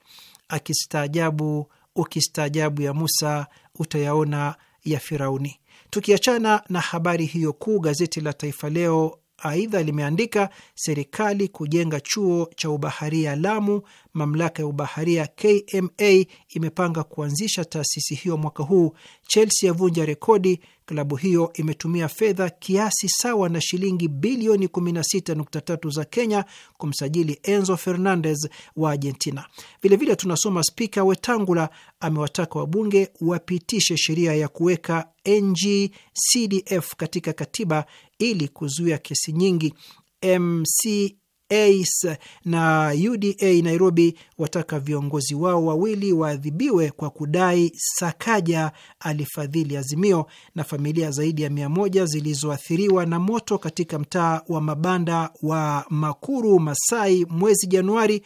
Akistaajabu ukistaajabu ya Musa utayaona ya Firauni. Tukiachana na habari hiyo kuu, gazeti la Taifa Leo Aidha limeandika serikali kujenga chuo cha ubaharia Lamu mamlaka ya ubaharia KMA imepanga kuanzisha taasisi hiyo mwaka huu, Chelsea yavunja rekodi. Klabu hiyo imetumia fedha kiasi sawa na shilingi bilioni 16.3 za Kenya kumsajili Enzo Fernandez wa Argentina. Vilevile tunasoma Spika Wetangula amewataka wabunge wapitishe sheria ya kuweka NGCDF katika katiba ili kuzuia kesi nyingi. MC ACE na UDA Nairobi wataka viongozi wao wawili waadhibiwe kwa kudai Sakaja alifadhili Azimio, na familia zaidi ya mia moja zilizoathiriwa na moto katika mtaa wa mabanda wa Makuru Masai mwezi Januari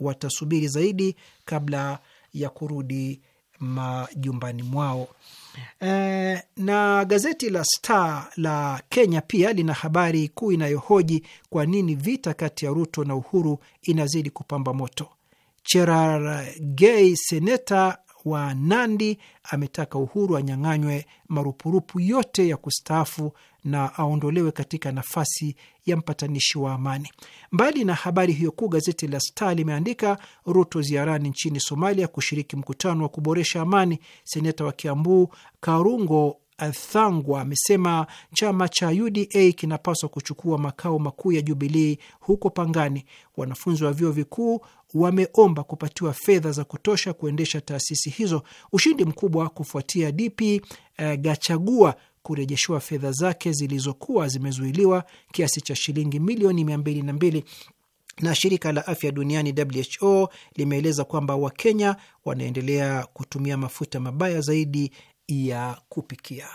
watasubiri zaidi kabla ya kurudi majumbani mwao. E, na gazeti la Star la Kenya pia lina habari kuu inayohoji kwa nini vita kati ya Ruto na Uhuru inazidi kupamba moto. Cherargei, seneta wa Nandi, ametaka Uhuru anyang'anywe marupurupu yote ya kustaafu na aondolewe katika nafasi ya mpatanishi wa amani. Mbali na habari hiyo kuu, gazeti la Star limeandika Ruto ziarani nchini Somalia kushiriki mkutano wa kuboresha amani. Seneta wa Kiambu Karungo Athangwa amesema chama cha UDA kinapaswa kuchukua makao makuu ya Jubilii huko Pangani. Wanafunzi wa vyuo vikuu wameomba kupatiwa fedha za kutosha kuendesha taasisi hizo. Ushindi mkubwa kufuatia DP eh, Gachagua kurejeshiwa fedha zake zilizokuwa zimezuiliwa kiasi cha shilingi milioni mbili na shirika la afya duniani WHO limeeleza kwamba Wakenya wanaendelea kutumia mafuta mabaya zaidi ya kupikia.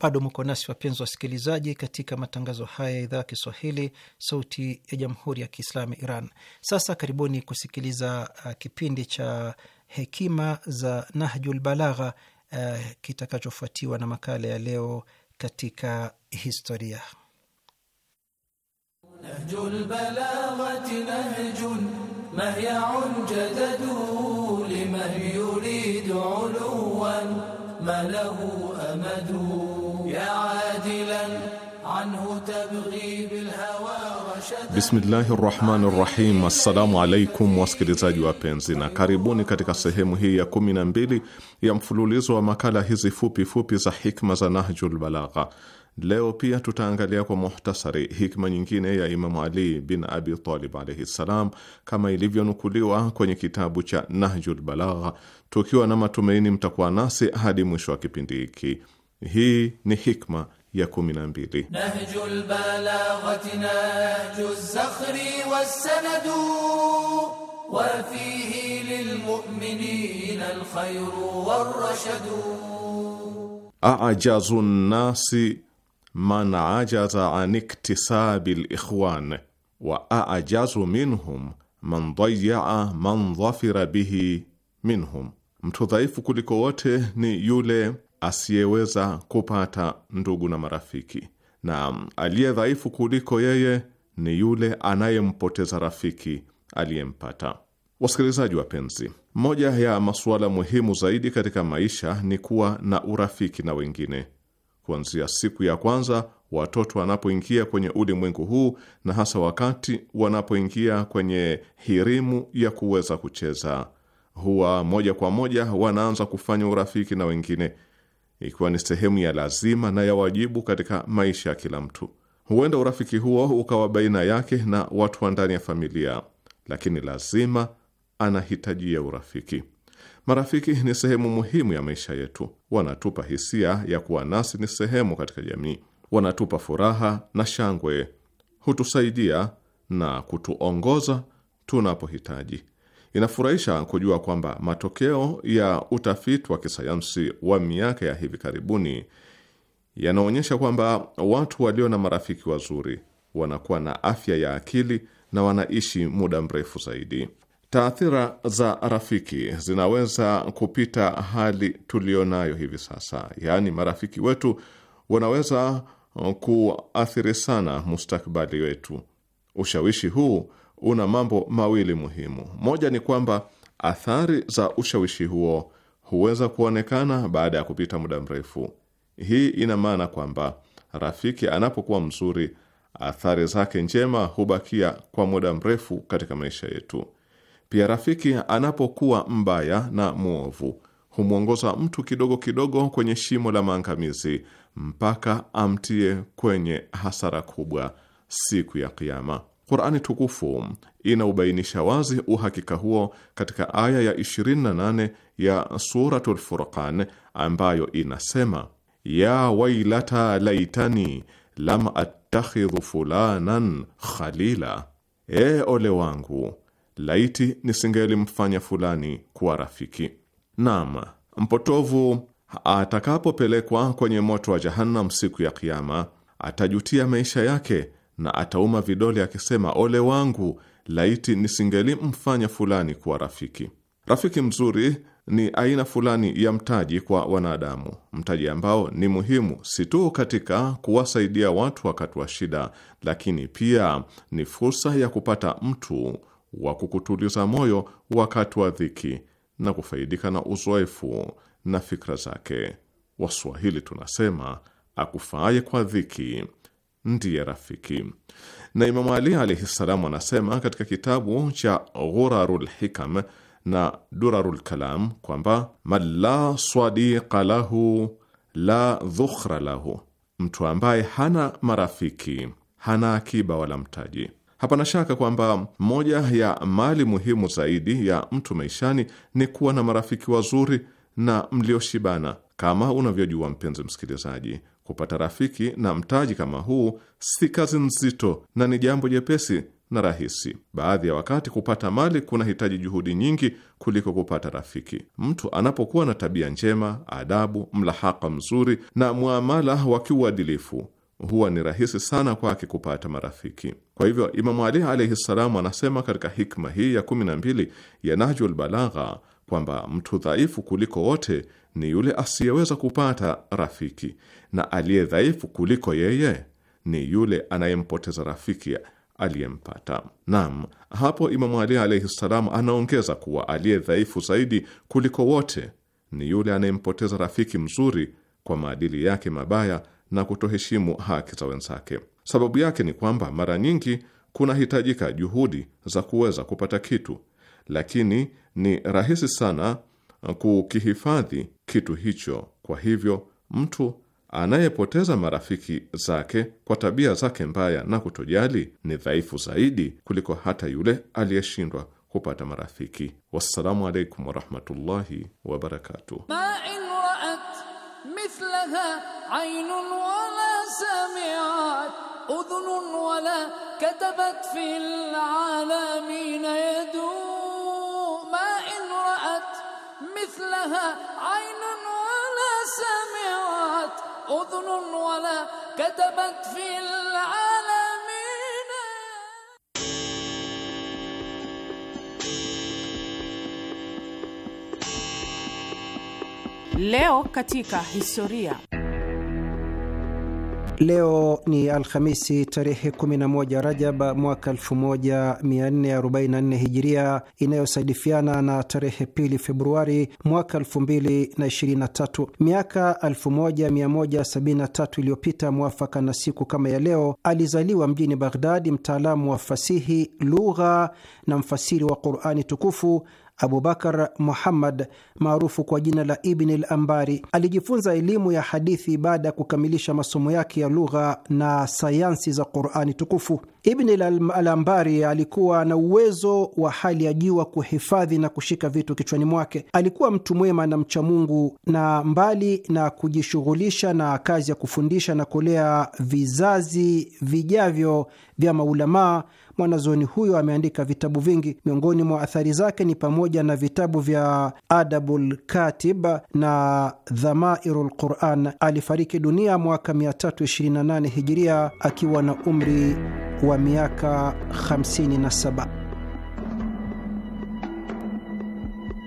Bado mko nasi wapenzi wasikilizaji, katika matangazo haya ya idhaa ya Kiswahili, sauti ya jamhuri ya kiislamu Iran. Sasa karibuni kusikiliza uh, kipindi cha hekima za Nahjul Balagha uh, kitakachofuatiwa na makala ya leo katika historia. Nahjul Bismillahi rahmani rahim. Assalamu alaikum wasikilizaji wapenzi, na karibuni katika sehemu hii ya kumi na mbili ya mfululizo wa makala hizi fupi fupi za hikma za Nahjul Balagha. Leo pia tutaangalia kwa muhtasari hikma nyingine ya Imamu Ali bin Abi Talib alaihi ssalam, kama ilivyonukuliwa kwenye kitabu cha Nahjul Balagha, tukiwa na matumaini mtakuwa nasi hadi mwisho wa kipindi hiki. Hii ni hikma ya kumi na mbili. Nahjul balaghati nahju zakhri wassanadu wa fihi lilmu'minina alkhayru warrashadu. A'jazu nnasi man ajaza an iktisabi alikhwan wa a'jazu minhum man dayya'a man dhafira bihi minhum, mtu dhaifu kuliko wote ni yule asiyeweza kupata ndugu na marafiki, na mm, aliye dhaifu kuliko yeye ni yule anayempoteza rafiki aliyempata. Wasikilizaji wapenzi, moja ya masuala muhimu zaidi katika maisha ni kuwa na urafiki na wengine. Kuanzia siku ya kwanza watoto wanapoingia kwenye ulimwengu huu na hasa wakati wanapoingia kwenye hirimu ya kuweza kucheza, huwa moja kwa moja wanaanza kufanya urafiki na wengine ikiwa ni sehemu ya lazima na ya wajibu katika maisha ya kila mtu. Huenda urafiki huo ukawa baina yake na watu wa ndani ya familia, lakini lazima anahitajia urafiki. Marafiki ni sehemu muhimu ya maisha yetu. Wanatupa hisia ya kuwa nasi ni sehemu katika jamii, wanatupa furaha na shangwe, hutusaidia na kutuongoza tunapohitaji. Inafurahisha kujua kwamba matokeo ya utafiti wa kisayansi wa miaka ya hivi karibuni yanaonyesha kwamba watu walio na marafiki wazuri wanakuwa na afya ya akili na wanaishi muda mrefu zaidi. Taathira za rafiki zinaweza kupita hali tuliyonayo hivi sasa, yaani marafiki wetu wanaweza kuathiri sana mustakabali wetu. Ushawishi huu una mambo mawili muhimu. Moja ni kwamba athari za ushawishi huo huweza kuonekana baada ya kupita muda mrefu. Hii ina maana kwamba rafiki anapokuwa mzuri, athari zake njema hubakia kwa muda mrefu katika maisha yetu. Pia rafiki anapokuwa mbaya na mwovu humwongoza mtu kidogo kidogo kwenye shimo la maangamizi mpaka amtie kwenye hasara kubwa siku ya Kiama. Qur'ani tukufu inaubainisha wazi uhakika huo katika aya ya 28 ya Suratul Furqan ambayo inasema: ya wailata laitani lam attakhidhu fulanan khalila, e, ole wangu laiti nisingelimfanya fulani kuwa rafiki. Naam, mpotovu atakapopelekwa kwenye moto wa Jahannam siku ya Kiyama atajutia maisha yake na atauma vidole akisema, ole wangu, laiti nisingelimfanya fulani kuwa rafiki. Rafiki mzuri ni aina fulani ya mtaji kwa wanadamu, mtaji ambao ni muhimu si tu katika kuwasaidia watu wakati wa shida, lakini pia ni fursa ya kupata mtu wa kukutuliza moyo wakati wa dhiki na kufaidika na uzoefu na fikra zake. Waswahili tunasema akufaaye kwa dhiki ndiye rafiki. Na Imamu Ali alaihi ssalam anasema katika kitabu cha Ghurarul Hikam na Durarul Kalam kwamba man la swadiqa lahu la dhukhra lahu, mtu ambaye hana marafiki hana akiba wala mtaji. Hapana shaka kwamba moja ya mali muhimu zaidi ya mtu maishani ni kuwa na marafiki wazuri na mlioshibana kama unavyojua mpenzi msikilizaji, kupata rafiki na mtaji kama huu si kazi nzito na ni jambo jepesi na rahisi. Baadhi ya wakati kupata mali kunahitaji juhudi nyingi kuliko kupata rafiki. Mtu anapokuwa na tabia njema, adabu, mlahaka mzuri na mwamala wa kiuadilifu, huwa ni rahisi sana kwake kupata marafiki. Kwa hivyo, Imamu Ali alaihi ssalamu anasema katika hikma hii ya kumi na mbili ya Nahjul Balagha kwamba mtu dhaifu kuliko wote ni yule asiyeweza kupata rafiki, na aliye dhaifu kuliko yeye ni yule anayempoteza rafiki aliyempata. Naam, hapo Imamu Ali alaihi ssalam anaongeza kuwa aliye dhaifu zaidi kuliko wote ni yule anayempoteza rafiki mzuri kwa maadili yake mabaya na kutoheshimu haki za wenzake. Sababu yake ni kwamba mara nyingi kunahitajika juhudi za kuweza kupata kitu, lakini ni rahisi sana kukihifadhi kitu hicho. Kwa hivyo mtu anayepoteza marafiki zake kwa tabia zake mbaya na kutojali ni dhaifu zaidi kuliko hata yule aliyeshindwa kupata marafiki. Wassalamu alaikum warahmatullahi wabarakatuh. مثلها عين ولا سمعت أذن ولا كتبت في العالمين Leo katika historia. Leo ni Alhamisi tarehe 11 Rajab mwaka 1444 Hijiria, inayosadifiana na tarehe pili Februari mwaka 2023. Miaka 1173 iliyopita, mwafaka na siku kama ya leo, alizaliwa mjini Baghdadi mtaalamu wa fasihi, lugha na mfasiri wa Qurani tukufu Abubakar Muhammad maarufu kwa jina la Ibni al Ambari alijifunza elimu ya hadithi baada ya kukamilisha masomo yake ya lugha na sayansi za Qurani tukufu. Ibni al Ambari alikuwa na uwezo wa hali ya juu wa kuhifadhi na kushika vitu kichwani mwake. Alikuwa mtu mwema na mchamungu, na mbali na kujishughulisha na kazi ya kufundisha na kulea vizazi vijavyo vya maulamaa mwanazuoni huyo ameandika vitabu vingi. Miongoni mwa athari zake ni pamoja na vitabu vya Adabul Katib na Dhamairu lQuran. Alifariki dunia mwaka 328 Hijiria akiwa na umri wa miaka 57.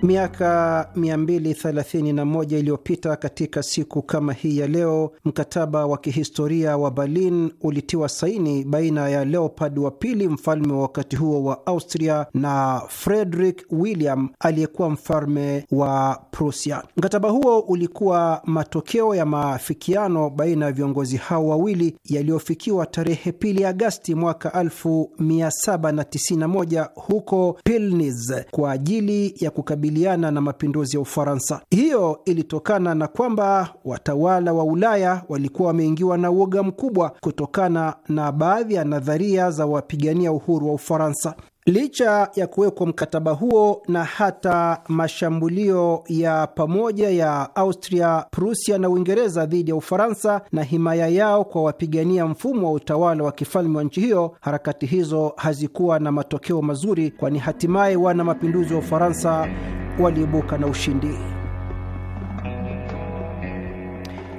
Miaka 231 iliyopita katika siku kama hii ya leo, mkataba wa kihistoria wa Berlin ulitiwa saini baina ya Leopold wa pili, mfalme wa wakati huo wa Austria, na Frederick William aliyekuwa mfalme wa Prussia. Mkataba huo ulikuwa matokeo ya maafikiano baina ya viongozi hao wawili yaliyofikiwa tarehe pili Agasti mwaka 1791 huko Pilnitz kwa ajili ya kukabili kukabiliana na mapinduzi ya Ufaransa. Hiyo ilitokana na kwamba watawala wa Ulaya walikuwa wameingiwa na uoga mkubwa kutokana na baadhi ya nadharia za wapigania uhuru wa Ufaransa. Licha ya kuwekwa mkataba huo na hata mashambulio ya pamoja ya Austria, Prusia na Uingereza dhidi ya Ufaransa na himaya yao kwa wapigania mfumo wa utawala wa kifalme wa nchi hiyo, harakati hizo hazikuwa na matokeo mazuri, kwani hatimaye wana mapinduzi wa Ufaransa waliibuka na ushindi.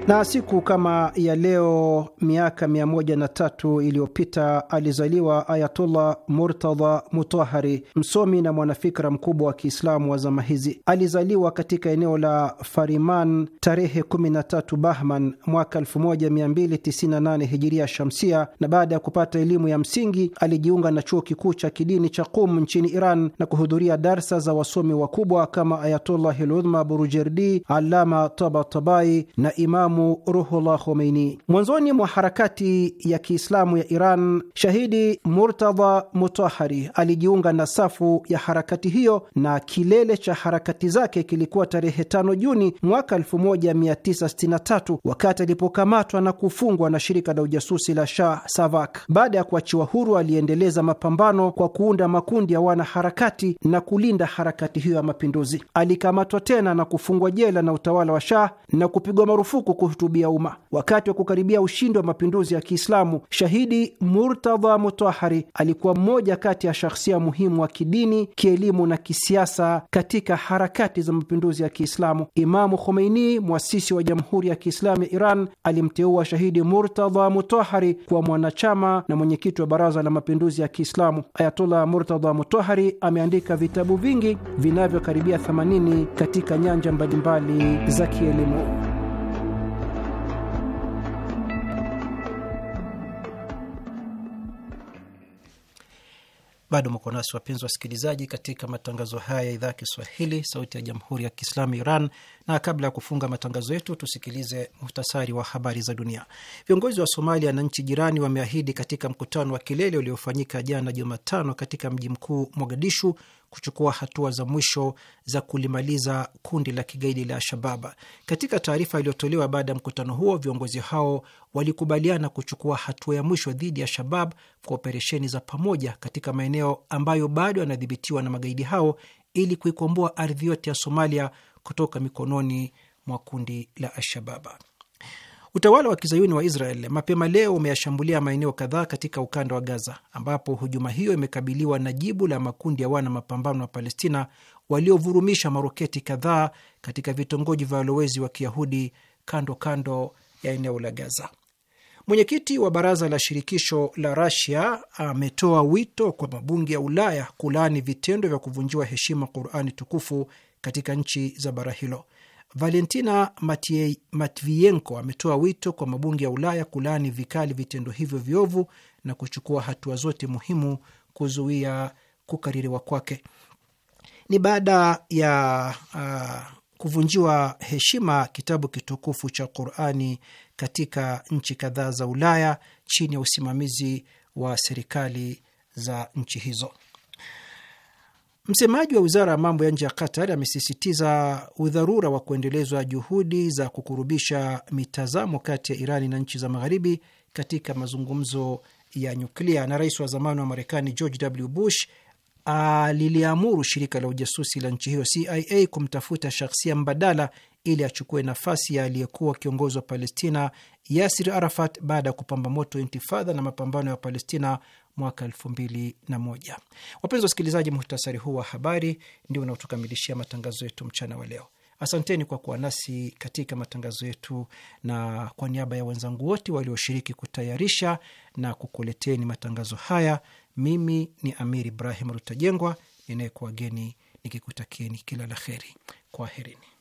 Na siku kama ya leo miaka 103 iliyopita alizaliwa Ayatullah Murtadha Mutahari, msomi na mwanafikra mkubwa wa Kiislamu wa zama hizi. Alizaliwa katika eneo la Fariman tarehe 13 Bahman mwaka 1298 Hijiria Shamsia, na baada ya kupata elimu ya msingi alijiunga na chuo kikuu cha kidini cha Qum nchini Iran na kuhudhuria darsa za wasomi wakubwa kama Ayatullah Hiludhma Burujerdi, Allama Tabatabai na Imamu Imamu Ruhullah Khomeini. Mwanzoni mwa harakati ya Kiislamu ya Iran, shahidi Murtadha Mutahari alijiunga na safu ya harakati hiyo, na kilele cha harakati zake kilikuwa tarehe 5 Juni mwaka 1963 wakati alipokamatwa na kufungwa na shirika la ujasusi la Shah Savak. Baada ya kuachiwa huru, aliendeleza mapambano kwa kuunda makundi ya wanaharakati na kulinda harakati hiyo ya mapinduzi. Alikamatwa tena na kufungwa jela na utawala wa Shah na kupigwa marufuku kuhutubia umma. Wakati wa kukaribia ushindi wa mapinduzi ya Kiislamu, shahidi Murtadha Mutahari alikuwa mmoja kati ya shahsia muhimu wa kidini, kielimu na kisiasa katika harakati za mapinduzi ya Kiislamu. Imamu Khomeini, mwasisi wa Jamhuri ya Kiislamu ya Iran, alimteua shahidi Murtadha Mutahari kuwa mwanachama na mwenyekiti wa Baraza la Mapinduzi ya Kiislamu. Ayatollah Murtadha Mutahari ameandika vitabu vingi vinavyokaribia 80 katika nyanja mbalimbali za kielimu. Bado mko nasi wapenzi wasikilizaji, katika matangazo haya ya idhaa ya Kiswahili, sauti ya jamhuri ya kiislamu Iran. Na kabla ya kufunga matangazo yetu, tusikilize muhtasari wa habari za dunia. Viongozi wa Somalia na nchi jirani wameahidi katika mkutano wa kilele uliofanyika jana Jumatano katika mji mkuu Mogadishu kuchukua hatua za mwisho za kulimaliza kundi la kigaidi la Shababa. Katika taarifa iliyotolewa baada ya mkutano huo, viongozi hao walikubaliana kuchukua hatua ya mwisho dhidi ya Shabab kwa operesheni za pamoja katika maeneo ambayo bado yanadhibitiwa na magaidi hao ili kuikomboa ardhi yote ya Somalia kutoka mikononi mwa kundi la Alshababa. Utawala wa kizayuni wa Israel mapema leo umeyashambulia maeneo kadhaa katika ukanda wa Gaza, ambapo hujuma hiyo imekabiliwa na jibu la makundi ya wana mapambano wa Palestina waliovurumisha maroketi kadhaa katika vitongoji vya walowezi wa kiyahudi kando kando ya eneo la Gaza. Mwenyekiti wa baraza la shirikisho la Rasia ametoa wito kwa mabunge ya Ulaya kulaani vitendo vya kuvunjiwa heshima Qurani tukufu katika nchi za bara hilo. Valentina Matvienko ametoa wito kwa mabunge ya Ulaya kulaani vikali vitendo hivyo viovu na kuchukua hatua zote muhimu kuzuia kukaririwa kwake. Ni baada ya uh, kuvunjiwa heshima kitabu kitukufu cha Qurani katika nchi kadhaa za Ulaya chini ya usimamizi wa serikali za nchi hizo. Msemaji wa wizara ya mambo ya nje ya Qatar amesisitiza udharura wa kuendelezwa juhudi za kukurubisha mitazamo kati ya Irani na nchi za Magharibi katika mazungumzo ya nyuklia. Na rais wa zamani wa Marekani George W. Bush aliliamuru shirika la ujasusi la nchi hiyo CIA kumtafuta shakhsia mbadala ili achukue nafasi ya aliyekuwa kiongozi wa Palestina Yasir Arafat baada ya kupamba moto intifadha na mapambano ya Palestina mwaka moja. Wapenzi wasikilizaji, muhtasari huu wa habari ndio unaotukamilishia matangazo yetu mchana wa leo. Asanteni kwa kuwa nasi katika matangazo yetu, na kwa niaba ya wenzangu wote walioshiriki kutayarisha na kukuleteni matangazo haya, mimi ni Amir Ibrahim Rutajengwa ninayekuwageni nikikutakieni kila la heri. Kwaherini.